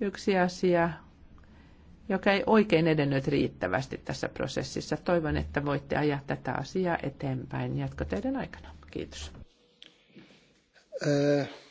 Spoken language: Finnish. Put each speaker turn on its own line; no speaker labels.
yksi asia, joka ei oikein edennyt riittävästi tässä prosessissa. Toivon, että voitte ajaa tätä asiaa eteenpäin jatkoteiden aikana. Kiitos. Äh.